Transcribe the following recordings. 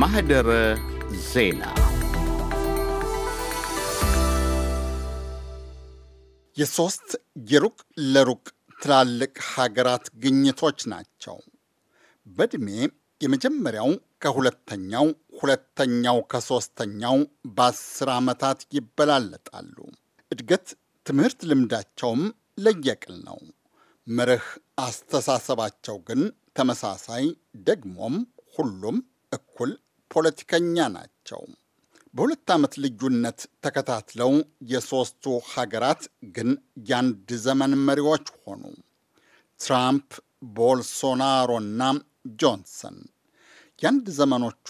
ማህደረ ዜና የሶስት የሩቅ ለሩቅ ትላልቅ ሀገራት ግኝቶች ናቸው። በእድሜ የመጀመሪያው ከሁለተኛው፣ ሁለተኛው ከሦስተኛው በአስር ዓመታት ይበላለጣሉ። እድገት ትምህርት ልምዳቸውም ለየቅል ነው። መርህ አስተሳሰባቸው ግን ተመሳሳይ፣ ደግሞም ሁሉም እኩል ፖለቲከኛ ናቸው። በሁለት ዓመት ልዩነት ተከታትለው የሦስቱ ሀገራት ግን የአንድ ዘመን መሪዎች ሆኑ። ትራምፕ፣ ቦልሶናሮና ጆንሰን የአንድ ዘመኖቹ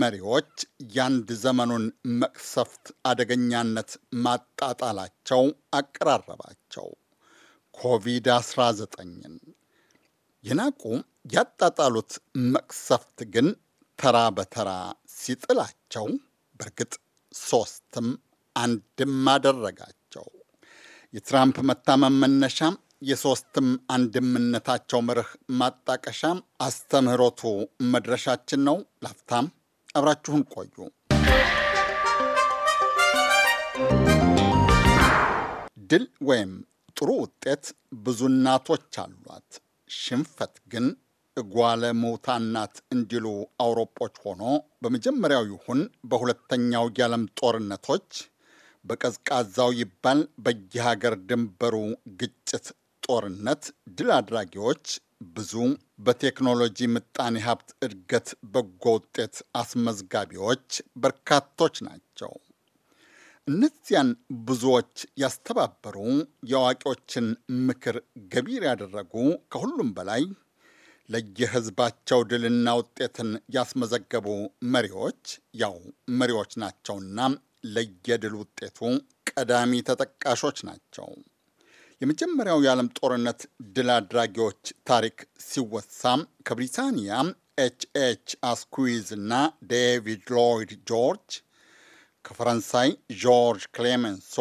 መሪዎች የአንድ ዘመኑን መቅሰፍት አደገኛነት ማጣጣላቸው አቀራረባቸው ኮቪድ-19ን የናቁ ያጣጣሉት መቅሰፍት ግን ተራ በተራ ሲጥላቸው በእርግጥ ሶስትም አንድም አደረጋቸው። የትራምፕ መታመም መነሻም የሶስትም አንድምነታቸው መርህ ማጣቀሻም አስተምህሮቱ መድረሻችን ነው። ላፍታም አብራችሁን ቆዩ። ድል ወይም ጥሩ ውጤት ብዙ እናቶች አሏት፣ ሽንፈት ግን ጓለ ሞታናት እንዲሉ አውሮጶች ሆኖ በመጀመሪያው ይሁን በሁለተኛው የዓለም ጦርነቶች በቀዝቃዛው ይባል በየሀገር ድንበሩ ግጭት ጦርነት ድል አድራጊዎች ብዙ በቴክኖሎጂ ምጣኔ ሀብት እድገት በጎ ውጤት አስመዝጋቢዎች በርካቶች ናቸው። እነዚያን ብዙዎች ያስተባበሩ የአዋቂዎችን ምክር ገቢር ያደረጉ ከሁሉም በላይ ለየህዝባቸው ድልና ውጤትን ያስመዘገቡ መሪዎች ያው መሪዎች ናቸውና ለየድል ውጤቱ ቀዳሚ ተጠቃሾች ናቸው። የመጀመሪያው የዓለም ጦርነት ድል አድራጊዎች ታሪክ ሲወሳ ከብሪታንያ ኤች ኤች አስኩዊዝ እና ዴቪድ ሎይድ ጆርጅ ከፈረንሳይ ጆርጅ ክሌመንሶ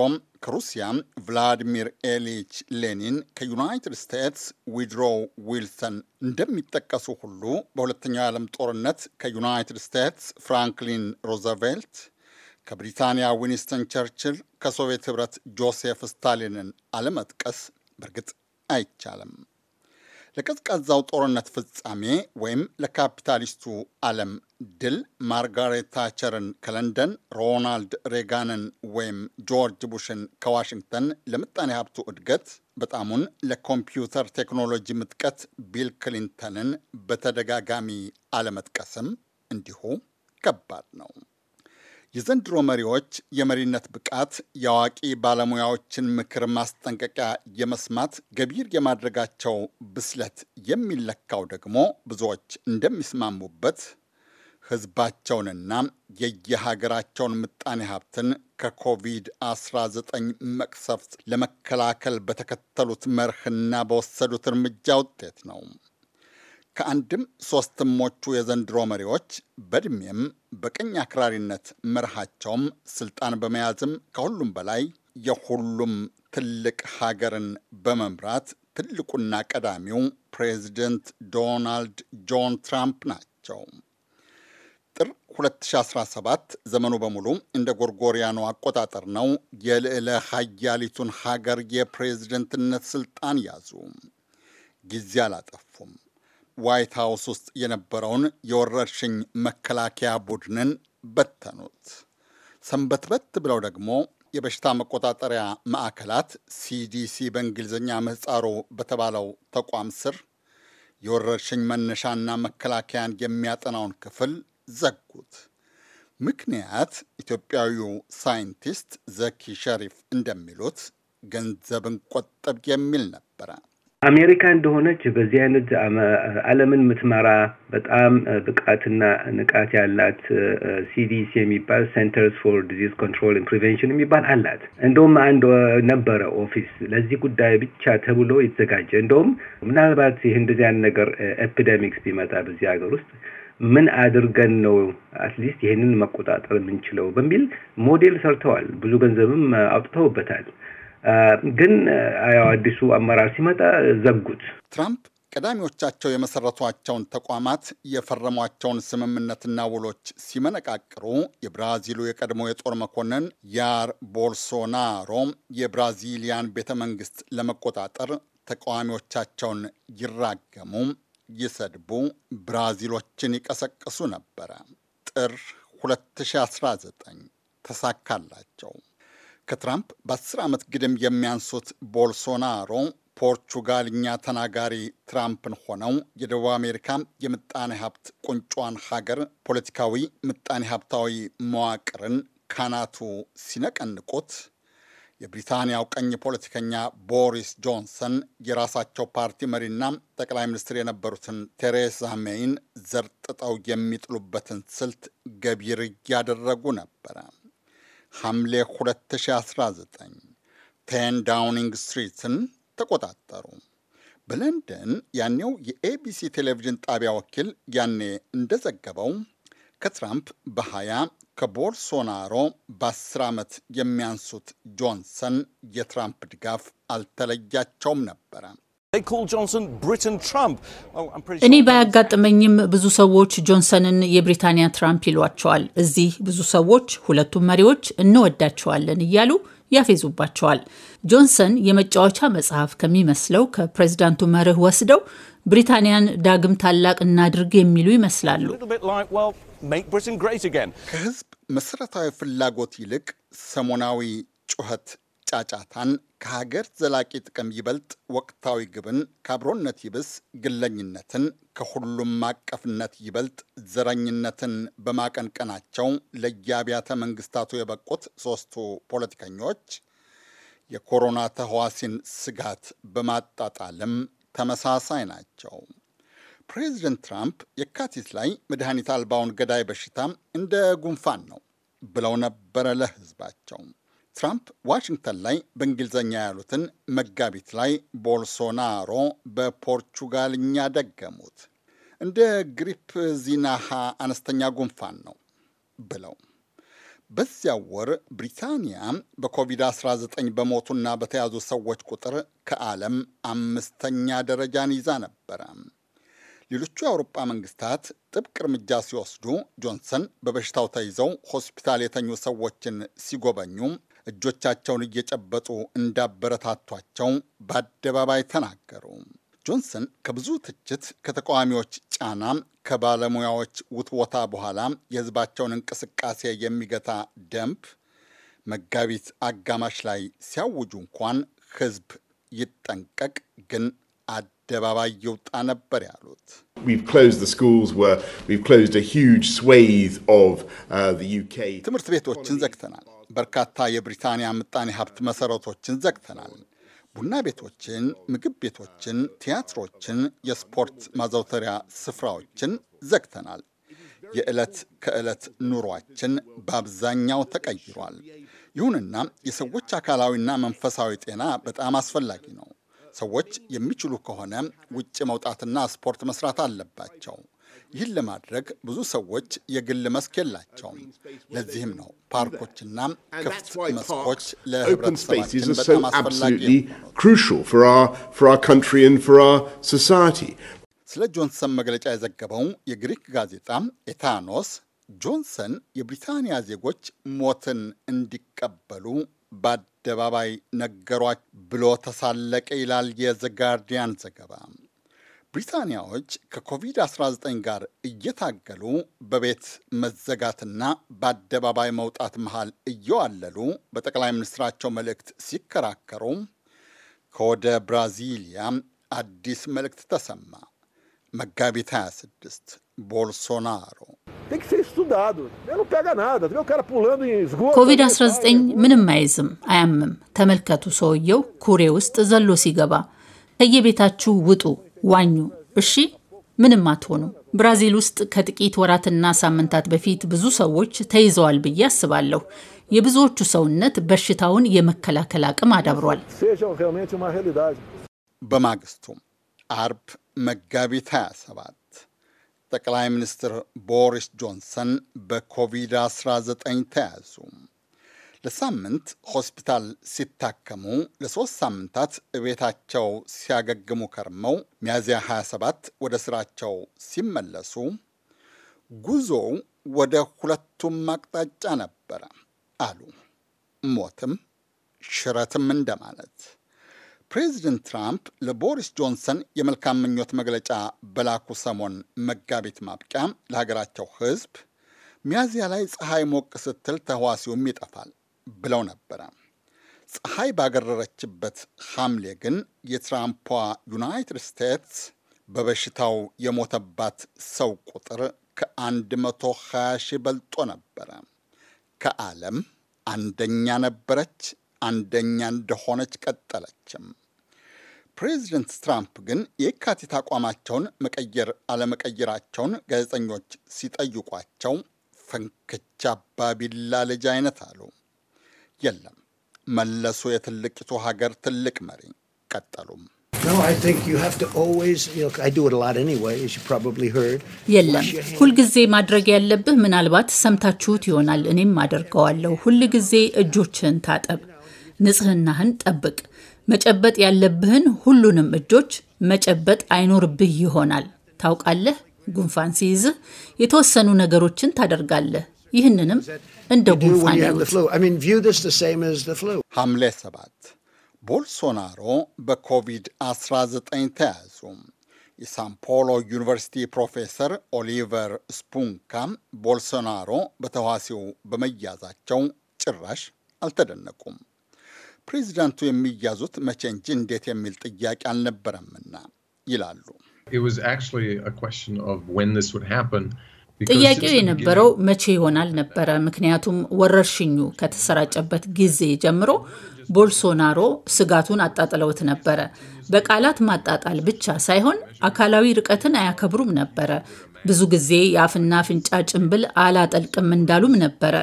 ከሩሲያ ቭላዲሚር ኤሊች ሌኒን፣ ከዩናይትድ ስቴትስ ዊድሮ ዊልሰን እንደሚጠቀሱ ሁሉ በሁለተኛው የዓለም ጦርነት ከዩናይትድ ስቴትስ ፍራንክሊን ሮዘቬልት፣ ከብሪታንያ ዊንስተን ቸርችል፣ ከሶቪየት ህብረት ጆሴፍ ስታሊንን አለመጥቀስ በእርግጥ አይቻልም። ለቀዝቃዛው ጦርነት ፍጻሜ ወይም ለካፒታሊስቱ ዓለም ድል ማርጋሬት ታቸርን ከለንደን፣ ሮናልድ ሬጋንን ወይም ጆርጅ ቡሽን ከዋሽንግተን ለምጣኔ ሀብቱ እድገት በጣሙን ለኮምፒውተር ቴክኖሎጂ ምጥቀት ቢል ክሊንተንን በተደጋጋሚ አለመጥቀስም እንዲሁ ከባድ ነው። የዘንድሮ መሪዎች የመሪነት ብቃት የአዋቂ ባለሙያዎችን ምክር ማስጠንቀቂያ የመስማት ገቢር የማድረጋቸው ብስለት የሚለካው ደግሞ ብዙዎች እንደሚስማሙበት ህዝባቸውንና የየሀገራቸውን ምጣኔ ሀብትን ከኮቪድ-19 መቅሰፍት ለመከላከል በተከተሉት መርህና በወሰዱት እርምጃ ውጤት ነው። ከአንድም ሶስትሞቹ የዘንድሮ መሪዎች በእድሜም በቀኝ አክራሪነት መርሃቸውም ስልጣን በመያዝም ከሁሉም በላይ የሁሉም ትልቅ ሀገርን በመምራት ትልቁና ቀዳሚው ፕሬዚደንት ዶናልድ ጆን ትራምፕ ናቸው። ጥር 2017 ዘመኑ በሙሉ እንደ ጎርጎሪያኑ አቆጣጠር ነው። የልዕለ ሀያሊቱን ሀገር የፕሬዝደንትነት ስልጣን ያዙ። ጊዜ አላጠፉም። ዋይት ሀውስ ውስጥ የነበረውን የወረርሽኝ መከላከያ ቡድንን በተኑት። ሰንበትበት ብለው ደግሞ የበሽታ መቆጣጠሪያ ማዕከላት ሲዲሲ በእንግሊዝኛ ምህጻሩ በተባለው ተቋም ስር የወረርሽኝ መነሻና መከላከያን የሚያጠናውን ክፍል ዘጉት። ምክንያት ኢትዮጵያዊው ሳይንቲስት ዘኪ ሸሪፍ እንደሚሉት ገንዘብን ቆጠብ የሚል ነበረ። አሜሪካ እንደሆነች በዚህ አይነት ዓለምን የምትመራ በጣም ብቃትና ንቃት ያላት ሲዲሲ የሚባል ሴንተርስ ፎር ዲዚዝ ኮንትሮል ፕሪቨንሽን የሚባል አላት። እንደውም አንድ ነበረ ኦፊስ ለዚህ ጉዳይ ብቻ ተብሎ የተዘጋጀ እንደውም ምናልባት ይህ እንደዚህ ነገር ኤፒደሚክስ ቢመጣ በዚህ ሀገር ውስጥ ምን አድርገን ነው አትሊስት ይህንን መቆጣጠር የምንችለው በሚል ሞዴል ሰርተዋል። ብዙ ገንዘብም አውጥተውበታል። ግን ያው አዲሱ አመራር ሲመጣ ዘጉት። ትራምፕ ቀዳሚዎቻቸው የመሰረቷቸውን ተቋማት የፈረሟቸውን ስምምነትና ውሎች ሲመነቃቅሩ የብራዚሉ የቀድሞ የጦር መኮንን ያር ቦልሶናሮ የብራዚሊያን ቤተ መንግስት ለመቆጣጠር ተቃዋሚዎቻቸውን ይራገሙ ይሰድቡ፣ ብራዚሎችን ይቀሰቅሱ ነበረ። ጥር 2019 ተሳካላቸው። ከትራምፕ በ10 ዓመት ግድም የሚያንሱት ቦልሶናሮ ፖርቹጋልኛ ተናጋሪ ትራምፕን ሆነው የደቡብ አሜሪካ የምጣኔ ሀብት ቁንጯን ሀገር ፖለቲካዊ ምጣኔ ሀብታዊ መዋቅርን ካናቱ ሲነቀንቁት የብሪታንያው ቀኝ ፖለቲከኛ ቦሪስ ጆንሰን የራሳቸው ፓርቲ መሪና ጠቅላይ ሚኒስትር የነበሩትን ቴሬዛ ሜይን ዘርጥጠው የሚጥሉበትን ስልት ገቢር እያደረጉ ነበረ። ሐምሌ 2019 ቴን ዳውኒንግ ስትሪትን ተቆጣጠሩ። በለንደን ያኔው የኤቢሲ ቴሌቪዥን ጣቢያ ወኪል ያኔ እንደዘገበው ከትራምፕ በ20 ከቦልሶናሮ በ10 ዓመት የሚያንሱት ጆንሰን የትራምፕ ድጋፍ አልተለያቸውም ነበረ። oh, እኔ ባያጋጥመኝም ብዙ ሰዎች ጆንሰንን የብሪታንያ ትራምፕ ይሏቸዋል። እዚህ ብዙ ሰዎች ሁለቱም መሪዎች እንወዳቸዋለን እያሉ ያፌዙባቸዋል። ጆንሰን የመጫወቻ መጽሐፍ ከሚመስለው ከፕሬዝዳንቱ መርህ ወስደው ብሪታንያን ዳግም ታላቅ እናድርግ የሚሉ ይመስላሉ። ከህዝብ መሰረታዊ ፍላጎት ይልቅ ሰሞናዊ ጩኸት ጫጫታን ከሀገር ዘላቂ ጥቅም ይበልጥ ወቅታዊ ግብን ከአብሮነት ይብስ ግለኝነትን ከሁሉም ማቀፍነት ይበልጥ ዘረኝነትን በማቀንቀናቸው ለየአብያተ መንግስታቱ የበቁት ሶስቱ ፖለቲከኞች የኮሮና ተህዋሲን ስጋት በማጣጣልም ተመሳሳይ ናቸው። ፕሬዚደንት ትራምፕ የካቲት ላይ መድኃኒት አልባውን ገዳይ በሽታ እንደ ጉንፋን ነው ብለው ነበረ ለህዝባቸው። ትራምፕ ዋሽንግተን ላይ በእንግሊዝኛ ያሉትን መጋቢት ላይ ቦልሶናሮ በፖርቹጋልኛ ደገሙት። እንደ ግሪፕ ዚናሃ አነስተኛ ጉንፋን ነው ብለው በዚያው ወር ብሪታንያ በኮቪድ-19 በሞቱና በተያዙ ሰዎች ቁጥር ከዓለም አምስተኛ ደረጃን ይዛ ነበረ። ሌሎቹ የአውሮፓ መንግስታት ጥብቅ እርምጃ ሲወስዱ ጆንሰን በበሽታው ተይዘው ሆስፒታል የተኙ ሰዎችን ሲጎበኙ እጆቻቸውን እየጨበጡ እንዳበረታቷቸው በአደባባይ ተናገሩ። ጆንሰን ከብዙ ትችት፣ ከተቃዋሚዎች ጫና፣ ከባለሙያዎች ውትወታ በኋላ የህዝባቸውን እንቅስቃሴ የሚገታ ደንብ መጋቢት አጋማሽ ላይ ሲያውጁ እንኳን ህዝብ ይጠንቀቅ ግን አደባባይ ይውጣ ነበር ያሉት። uh, ትምህርት ቤቶችን ዘግተናል። በርካታ የብሪታንያ ምጣኔ ሀብት መሰረቶችን ዘግተናል። ቡና ቤቶችን፣ ምግብ ቤቶችን፣ ቲያትሮችን፣ የስፖርት ማዘውተሪያ ስፍራዎችን ዘግተናል። የዕለት ከዕለት ኑሯችን በአብዛኛው ተቀይሯል። ይሁንና የሰዎች አካላዊና መንፈሳዊ ጤና በጣም አስፈላጊ ነው። ሰዎች የሚችሉ ከሆነ ውጭ መውጣትና ስፖርት መስራት አለባቸው። ይህን ለማድረግ ብዙ ሰዎች የግል መስክ የላቸውም። ለዚህም ነው ፓርኮችና ክፍት መስኮች ለህብረተሰባችን በጣም ስለ ጆንሰን መግለጫ የዘገበው የግሪክ ጋዜጣ ኤታኖስ ጆንሰን የብሪታንያ ዜጎች ሞትን እንዲቀበሉ በአደባባይ ነገሯች ብሎ ተሳለቀ ይላል የዘጋርዲያን ዘገባ። ብሪታንያዎች ከኮቪድ-19 ጋር እየታገሉ በቤት መዘጋትና በአደባባይ መውጣት መሃል እየዋለሉ በጠቅላይ ሚኒስትራቸው መልእክት ሲከራከሩ ከወደ ብራዚሊያ አዲስ መልእክት ተሰማ። መጋቢት 26 ቦልሶናሮ tem que ser estudado. Eu não pega nada. O cara pulando em esgoto. ኮቪድ-19 ምንም አይዝም አያምም። ተመልከቱ፣ ሰውየው ኩሬ ውስጥ ዘሎ ሲገባ። ከየቤታችሁ ውጡ፣ ዋኙ፣ እሺ? ምንም አትሆኑ ብራዚል ውስጥ ከጥቂት ወራትና ሳምንታት በፊት ብዙ ሰዎች ተይዘዋል ብዬ አስባለሁ። የብዙዎቹ ሰውነት በሽታውን የመከላከል አቅም አዳብሯል። በማግስቱ አርብ መጋቢት 27 ጠቅላይ ሚኒስትር ቦሪስ ጆንሰን በኮቪድ-19 ተያዙ። ለሳምንት ሆስፒታል ሲታከሙ ለሶስት ሳምንታት ቤታቸው ሲያገግሙ ከርመው ሚያዝያ 27 ወደ ስራቸው ሲመለሱ ጉዞው ወደ ሁለቱም አቅጣጫ ነበረ አሉ። ሞትም ሽረትም እንደማለት ፕሬዚደንት ትራምፕ ለቦሪስ ጆንሰን የመልካም ምኞት መግለጫ በላኩ ሰሞን መጋቢት ማብቂያ ለሀገራቸው ሕዝብ ሚያዝያ ላይ ፀሐይ ሞቅ ስትል ተህዋሲውም ይጠፋል ብለው ነበረ። ፀሐይ ባገረረችበት ሐምሌ ግን የትራምፖ ዩናይትድ ስቴትስ በበሽታው የሞተባት ሰው ቁጥር ከ120 ሺህ በልጦ ነበረ። ከዓለም አንደኛ ነበረች። አንደኛ እንደሆነች ቀጠለችም። ፕሬዚደንት ትራምፕ ግን የካቲት አቋማቸውን መቀየር አለመቀየራቸውን ጋዜጠኞች ሲጠይቋቸው ፈንክቻ አባቢላ ልጅ አይነት አሉ። የለም መለሱ የትልቂቱ ሀገር ትልቅ መሪ ቀጠሉም። የለም ሁልጊዜ ማድረግ ያለብህ ምናልባት ሰምታችሁት ይሆናል እኔም አደርገዋለሁ። ሁልጊዜ እጆችን ታጠብ ንጽህናህን ጠብቅ። መጨበጥ ያለብህን ሁሉንም እጆች መጨበጥ አይኖርብህ ይሆናል። ታውቃለህ፣ ጉንፋን ሲይዝህ የተወሰኑ ነገሮችን ታደርጋለህ። ይህንንም እንደ ጉንፋን ሐምሌ 7 ቦልሶናሮ በኮቪድ-19 ተያዙ። የሳምፖሎ ዩኒቨርሲቲ ፕሮፌሰር ኦሊቨር ስፑንካ ቦልሶናሮ በተዋሲው በመያዛቸው ጭራሽ አልተደነቁም። ፕሬዚዳንቱ የሚያዙት መቼ እንጂ እንዴት የሚል ጥያቄ አልነበረምና ይላሉ። ጥያቄው የነበረው መቼ ይሆናል ነበረ። ምክንያቱም ወረርሽኙ ከተሰራጨበት ጊዜ ጀምሮ ቦልሶናሮ ስጋቱን አጣጥለውት ነበረ። በቃላት ማጣጣል ብቻ ሳይሆን አካላዊ ርቀትን አያከብሩም ነበረ። ብዙ ጊዜ የአፍና አፍንጫ ጭንብል አላጠልቅም እንዳሉም ነበረ።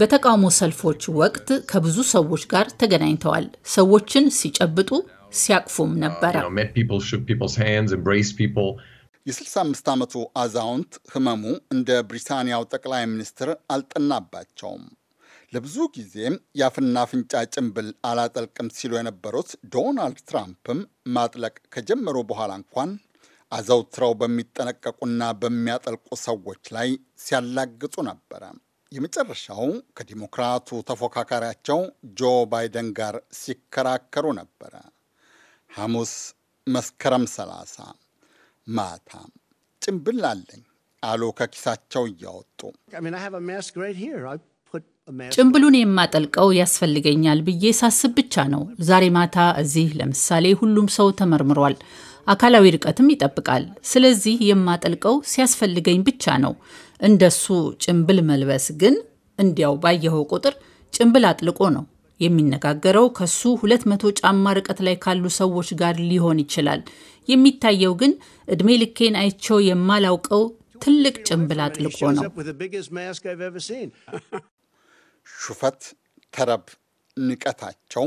በተቃውሞ ሰልፎች ወቅት ከብዙ ሰዎች ጋር ተገናኝተዋል። ሰዎችን ሲጨብጡ ሲያቅፉም ነበረ። የ65 ዓመቱ አዛውንት ህመሙ እንደ ብሪታንያው ጠቅላይ ሚኒስትር አልጠናባቸውም። ለብዙ ጊዜ የአፍና አፍንጫ ጭንብል አላጠልቅም ሲሉ የነበሩት ዶናልድ ትራምፕም ማጥለቅ ከጀመሩ በኋላ እንኳን አዘውትረው በሚጠነቀቁና በሚያጠልቁ ሰዎች ላይ ሲያላግጡ ነበረ። የመጨረሻው ከዲሞክራቱ ተፎካካሪያቸው ጆ ባይደን ጋር ሲከራከሩ ነበረ። ሐሙስ መስከረም 30 ማታ ጭምብል አለኝ አሉ ከኪሳቸው እያወጡ። ጭምብሉን የማጠልቀው ያስፈልገኛል ብዬ ሳስብ ብቻ ነው። ዛሬ ማታ እዚህ ለምሳሌ ሁሉም ሰው ተመርምሯል። አካላዊ ርቀትም ይጠብቃል። ስለዚህ የማጠልቀው ሲያስፈልገኝ ብቻ ነው። እንደሱ ጭንብል መልበስ ግን እንዲያው ባየኸው ቁጥር ጭንብል አጥልቆ ነው የሚነጋገረው። ከሱ ሁለት መቶ ጫማ ርቀት ላይ ካሉ ሰዎች ጋር ሊሆን ይችላል። የሚታየው ግን እድሜ ልኬን አይቸው የማላውቀው ትልቅ ጭንብል አጥልቆ ነው። ሹፈት፣ ተረብ፣ ንቀታቸው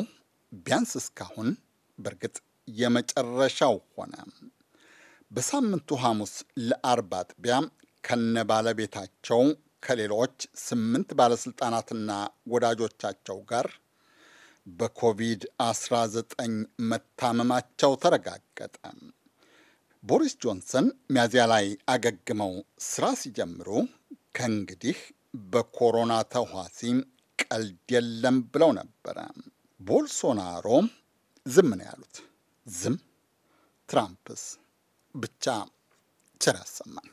ቢያንስ እስካሁን በእርግጥ የመጨረሻው ሆነ። በሳምንቱ ሐሙስ ለአርብ አጥቢያ ከነ ባለቤታቸው ከሌሎች ስምንት ባለሥልጣናትና ወዳጆቻቸው ጋር በኮቪድ-19 መታመማቸው ተረጋገጠ። ቦሪስ ጆንሰን ሚያዚያ ላይ አገግመው ስራ ሲጀምሩ ከእንግዲህ በኮሮና ተዋሲ ቀልድ የለም ብለው ነበረ። ቦልሶናሮ ዝም ነው ያሉት። ዝም ትራምፕስ ብቻ ቸር ያሰማን።